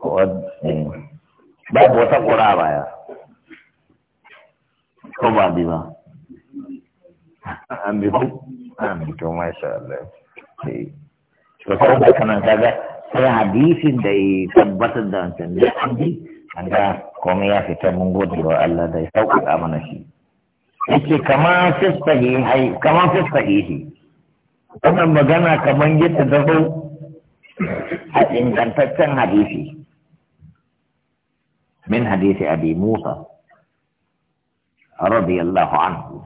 ko babu wata ƙura a baya ko ba bi ba an bi ku an bi to masha Allah to sai da kanan kaga sai hadisin da ya tabbatar da wancan da an bi an ga ya fita mun gode Allah da ya sauƙaƙa shi yake kama fistahihi kama fistahihi wannan magana kamar yadda da had حديثي من حديث أبي موسى رضي الله عنه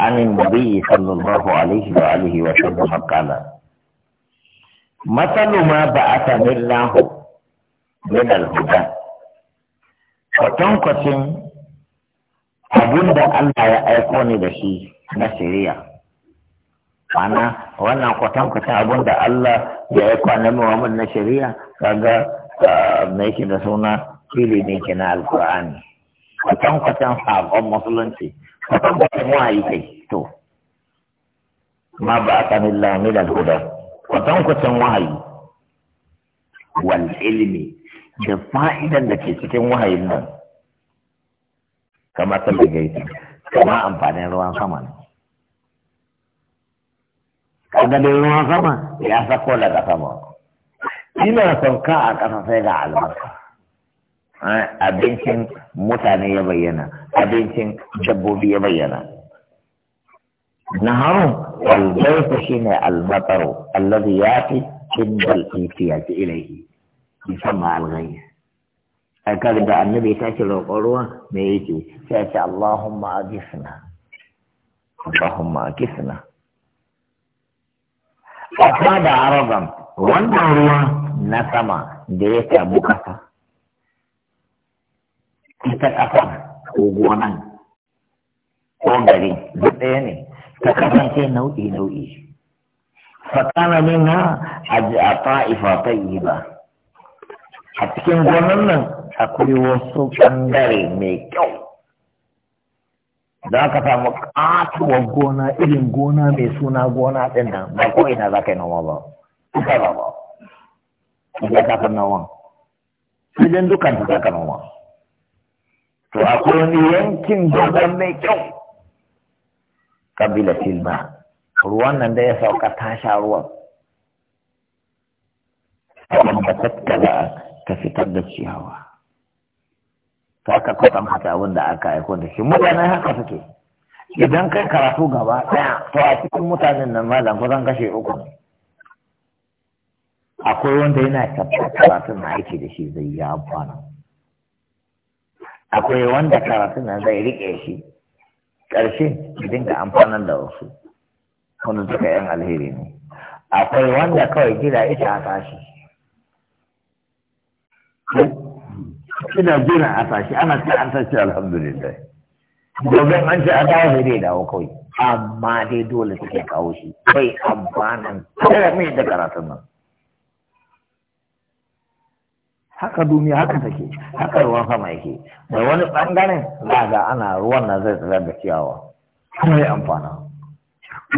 عن النبي صلى الله عليه وآله وسلم قال مثل ما بعث الله من الهدى فتنقسم أبند أن لا يكون به نسريه ana wannan kwatan kwatan abin da Allah ya yi kwanan Muhammad na shari'a kaga ah, mai shi da suna fili ne ke na alkur'ani kwatan kwatan sabon musulunci kwatan kwatan wayi kai to ma ba a kanin lamilan huda kwatan kwatan wahayi wal ilimi da fa'idan da ke cikin wahayin nan kamar sabbin gaisa kama amfanin ruwan sama ne kaga dai ruwan sama ya sako daga sama ina sauka a ƙasa sai ga albarka abincin mutane ya bayyana abincin dabbobi ya bayyana naharun albaifu shine almataru allazi yati inda al-ifiyati ilayhi musamma al-ghayr ai kada da annabi ta ce roƙon ruwa me yake sai ya ce allahumma akisna allahumma akisna kasa da araban wannan ruwa na sama da ya samu kasa ita kasa ko gonan ko gari duk ɗaya ne ta kasance nau'i nau'i fakana minha a ta'ifa ba. a cikin gonan nan akwai wasu ɓangare mai kyau za ka samu katuwar gona irin gona mai suna gona ɗin nan ba ko ina za ka yi noma ba suka ba ba idan ka san noman idan dukkan ta ka noma to akwai wani yankin gona mai kyau kabila silba ruwan nan da ya sauka ta sha ruwan ta tattala ta fitar da ciyawa za ka kwatan hata abin da aka aiko da shi mutane haka suke idan kai karatu gaba ɗaya to a cikin mutanen nan malam kusan kashe uku ne akwai wanda yana tabbata karatun na aiki da shi zai yi amfana akwai wanda karatun na zai riƙe shi ƙarshe idan ka amfanar da wasu wanda duka yan alheri ne akwai wanda kawai gida ita a tashi ina jira a sashi ana ce an tashi alhamdulillah domin an ce a dawo sai dai dawo kawai amma dai dole suke kawo shi bai amfanin kare mai da karatun nan haka duniya haka take haka ruwan sama yake da wani bangaren za ga ana ruwan na zai tsira da ciyawa kuma ya amfana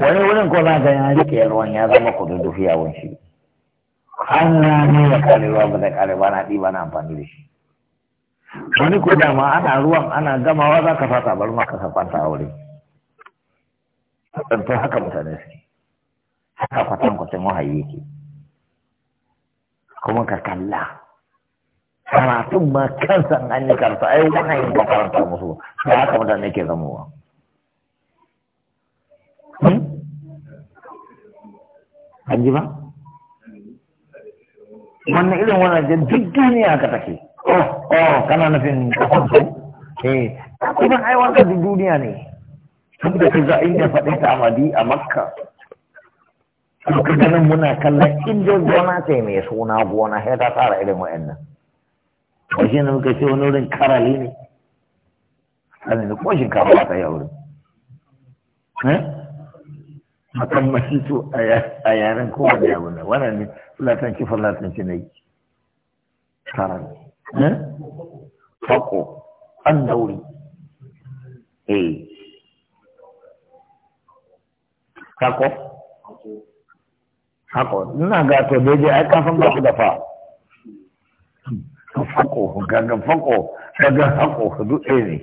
wani wurin ko za ga ya rike ruwan ya zama kudin dufiya wunshi an rami da karewa ba da karewa ba na ɗiba na amfani da shi wani ko dama ana ruwan ana gamawa za ka fata bar maka ka fata a wuri to haka mutane su haka kwatan kwatan wahayi yake kuma ka kalla karatun ma kansa an yi karatu ai wahayin ba karanta musu ta haka mutane ke zamowa hmm? an ji ba wannan irin wannan duk duniya ka take oh oh kana nufin kasan su eh kuma ai wannan duk duniya ne tun da kaza inda faɗin ta amadi a makka ka nan muna kallon inda gona ce mai suna gona sai ta tara irin wa'annan ba shi ne muka ce wani wurin karali ne sanin ko shi ka ba ta yi wurin eh? akan masito a yaren kowane abu ne wannan ne fulatanci fulatanci ne fako an dauri eh kako Kako, ina ga to daidai ai kafin ba su dafa. fako gaga fako gaga fako, hudu ɗaya ne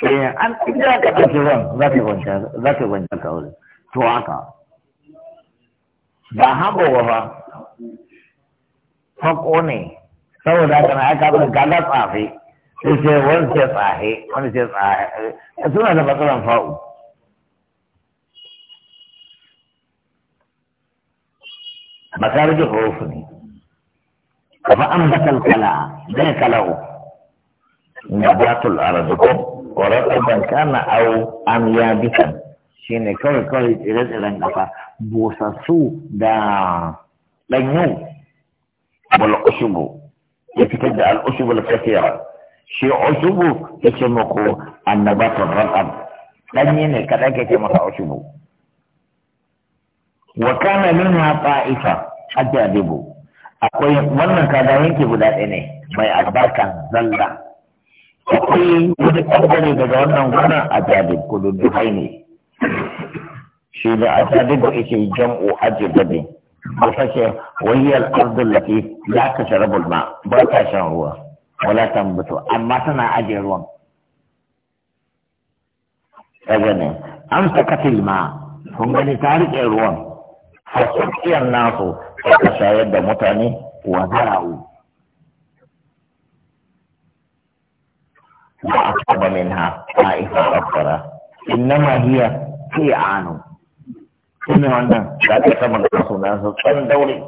sai eh, an ɗin ya ka ɗauki ran za ka kwanta za ka kwanta wuri to haka ba haɓo ba ba. fako ne saboda haka na aka bar gala tsafe sai ce wani ce tsahe wani ce tsahe suna da matsalan fa'u makarji huruf ne kafa an batal kala zai kalau nabatul arzuko wa rataban kana au an yabitan shine kawai kawai tsire-tsiren kafa busassu da ɗanyau wala usubu ya fitar da al usubu al kathira shi ushubu yake mako annabatu raqab danye ne kadan kake maka usubu wa kana minha ta'ifa ajadibu akwai wannan kaga yanke guda ɗaya ne mai albarka zalla akwai wani ɓangare daga wannan wannan ajadib kudu duhai ne shi da ajadib da yake jam'u ajibadin بسكي وهي الأرض التي لا تشرب الماء بلتا هو ولا تنبت أما تنا أجرون أجنة أمسكت الماء هم من تارك إروان فسقي الناس فكشايد متاني وزرعوا وأصاب منها طائفة أخرى إنما هي في عنه ina wanan da aka saman da suna su tsan daure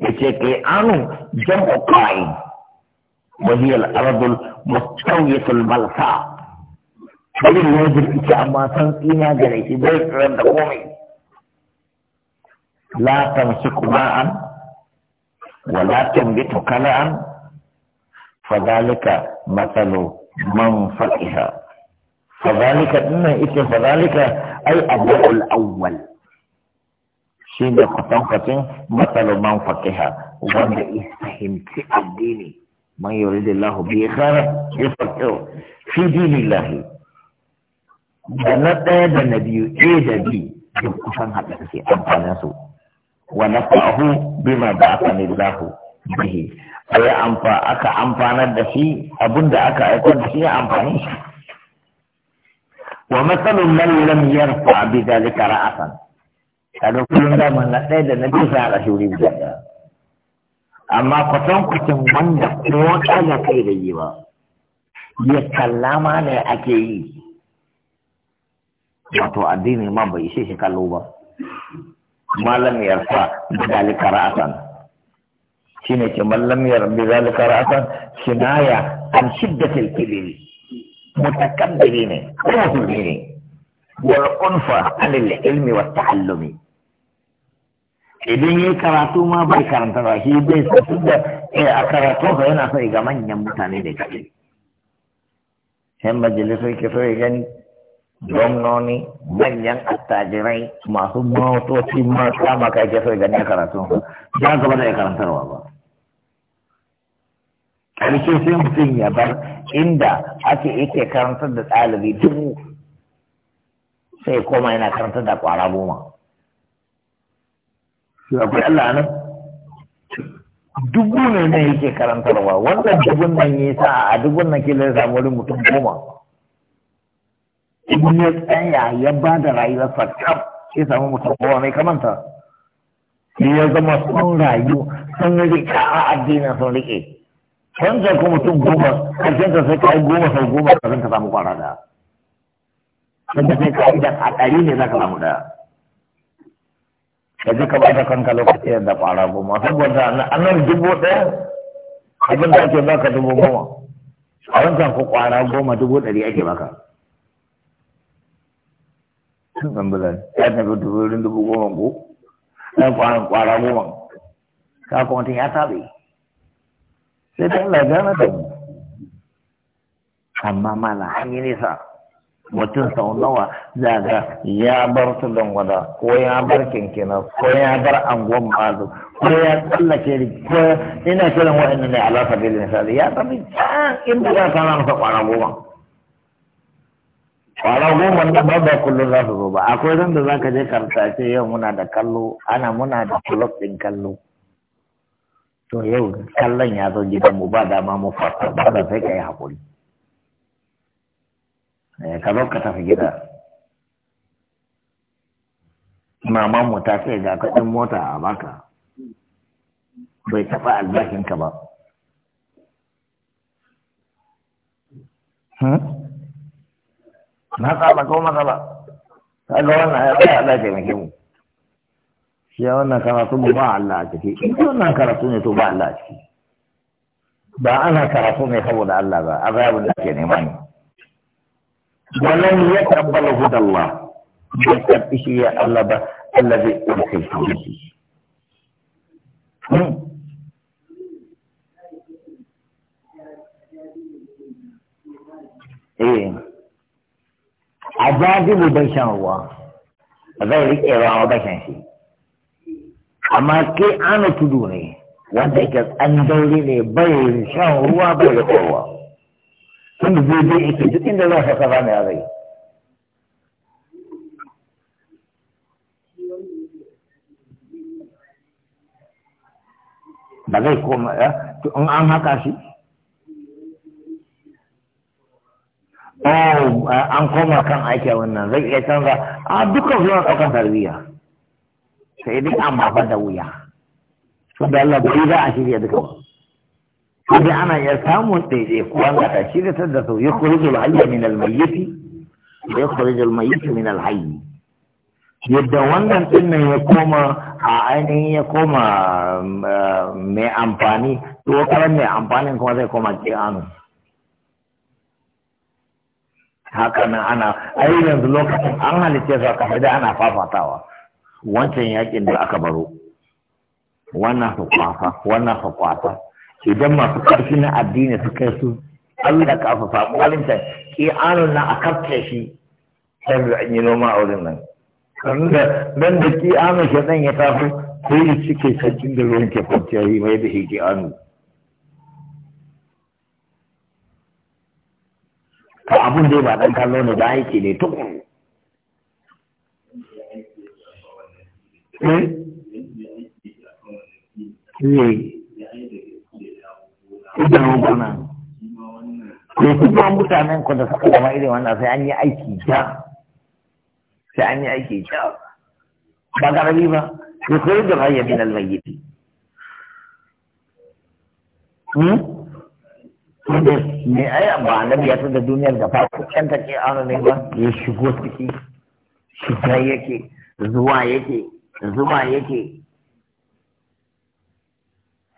ya ce kai anu jam'u qa'id wa hiya al-ardul mustawiyatul malsa ya jirgi ce amma san tsina gare shi bai tsirar da komai. La tamsiku ma'an ولا تنبت كلعا فذلك مثل من فقها فذلك إن فذلك ai abu'ul awwal shi da kwatankwacin matsalar man fakiha wanda ya fahimci addini man yi da lahu bi kara ya fakihu fi dini lahi da na ɗaya da na biyu a da b da kusan haɗa suke amfanin su wa na fahu bima da aka ne lahu bihi a yi aka amfanar da shi abinda aka aikon da shi ya amfani shi wa matsalin man lam yarfa bi zalika ra'asan kaga kullum da man na ɗaya da na biyu sai a shuri da amma kwatan kwatan wanda ko kaga kai da yi ba ya kallama ne ake yi wato addini ma bai ishe shi kallo ba malam yarfa bi zalika ra'asan shine ke mallam yarfa bi zalika ra'asan kinaya an shiddatil kibiri متكبرين مهملين والأنفة عن العلم والتعلم idan ya karatu ma bai karanta ba shi bai sassu da a karatunsa yana so ga manyan mutane da kaɗai yan majalisar ke so ya gani gwamnoni manyan attajirai masu motoci masu kama kai ke so ya gani a karatunsa ya gaba da ya karantarwa ba karshe sai mutum ya bar inda ake yake karantar da ɗalibi dubu sai koma yana karantar da ƙwara goma shi akwai Allah nan dubu ne nan yake karantarwa wannan dubun nan ya sa a dubun nan kila ya samu wani mutum goma in ya tsaya ya ba da rayuwar kam ya samu mutum goma mai kamanta ya zama sun rayu sun rike a addinin sun rike canza ko mutum goma karshen canza sai ka yi goma sau goma ka ka samu kwara da canza sai ka yi da a ɗari ne za ka samu daya ji ka bada kanka lokaci da kwara goma saboda a nan dubu ɗaya abin da ake baka dubu goma a wancan ko kwara goma dubu ɗari ake baka sun ya tafi dubu dubu goma ko ɗan kwara goma ka kuma tun ya tabe sai ta Allah gana da mu amma mana an yi nisa mutum sau nawa za ga ya bar tudun wada ko ya bar kinkina ko ya bar angon mazu ko ya tsallake ko ina kiran wa'annan ne ala sabili misali ya tafi can inda za ta na masa kwana goma kwana goma na ba ba kullum za su zo ba akwai ran da za ka je karta yau muna da kallo ana muna da club din kallo to yau kallon ya zo gidan mu ba dama mu fasa ba da sai ka yi haƙuri eh, ka zo ka tafi gida maman mu ta ce ga kuɗin mota a baka bai taɓa albashinka ba hmm? na tsaba ko masa ba ta ga wannan ya tsaya Allah taimake mu shi ya wannan karatu ba Allah a ciki in wannan karatu ne to ba Allah a ciki ba ana karatu mai saboda Allah ba azabin da ke nema ne walan ya tabbala hudallah da tabbi shi ya Allah ba Allah zai ɗauke shi hmm. eh jajibu bai shan ruwa zai riƙe ruwa bai shan shi amma ke ana tudu ne wanda yake an daure ne bai shan ruwa bai da kowa da zai zai ita duk inda za ka kaza ne a zai ba zai koma ya eh? to in an haka shi oh an koma kan aiki wannan zai iya canza a dukkan zuwa ɗaukan tarbiyya sai dai amma fa da wuya to da Allah bai za a shirya duka ba to dai ana iya samun daidai ko an ga shi da tadda sau ya kurje al-hayy min al-mayyit ya kurje al-mayyit min al-hayy yadda wannan din nan ya koma a ainihin ya koma eh, mai amfani to karan mai amfanin kuma zai koma ki'anu haka nan ana ai yanzu lokacin an halitta su aka da ana fafatawa wancan yakin da aka baro wannan su wannan su idan masu karfi na addini su kai su Allah ka fa samu walinta ki anon na a kafce shi sai da yi noma a wurin nan dan da ki anon shi dan ya tafi ko yi cike sakin da ruwan ke kwanciya yi mai da shi ki anon to abun dai ba dan kallo ne da yake ne tukuru idan gona ko kuma mutanen ku da suka zama irin wannan sai an yi aiki ta sai an yi aiki ta ba garabi ba ko ko da hayya min al mayyit hmm me ai ba nan ya tada duniyar da farko can take ana ne ba ya shigo ciki shiga yake zuwa yake Zuma yake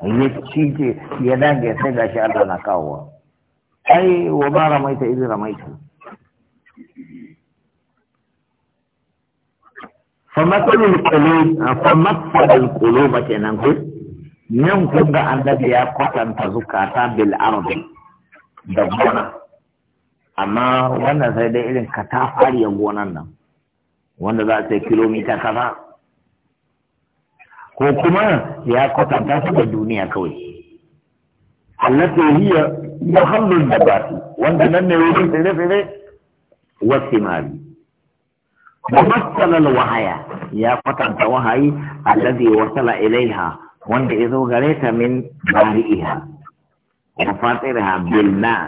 ya ce, ya dage sai shi Allah na kawo ai wa ma ramaita idan ramaita famatsalin kulub famatsalin kulub kenan ku nan kun ga annabi ya kwatanta zukata bil ardi da gona amma wannan sai dai irin katafariyar gonan nan wanda za a sai kilomita kaza ko kuma ya kwatanta su da duniya kawai allati hiya mahallul nabati wanda nan ne wurin tsire-tsire wasu mari ومثل الوحي يا قطن وحي الذي وصل إليها وانت إذا غريت من بارئها وفاطرها بالماء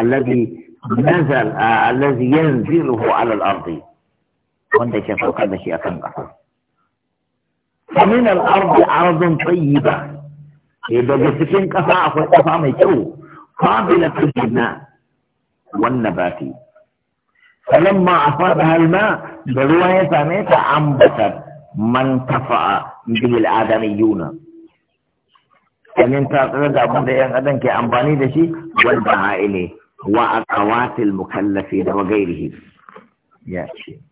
الذي نزل آه الذي ينزله على الأرض وانت شفوك هذا شيء أكن قصر فمن الارض أرض طيبة إذا جسكين كفاء فالكفاء ما يكو قابلة الجناء والنباتي فلما أفادها الماء بالله يتعنيت أنبتت من كفاء به الآدميون فمن تقرد أبو دي أنقدن كي أنباني دشي والبعائلي وأقوات المكلفين وغيره يا yeah.